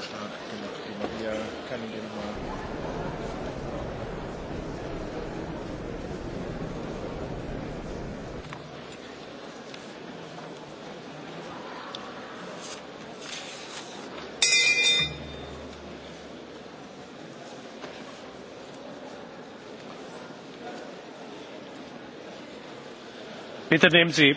vorschlag gemacht, den wir kann ich dir bitte nehmen sie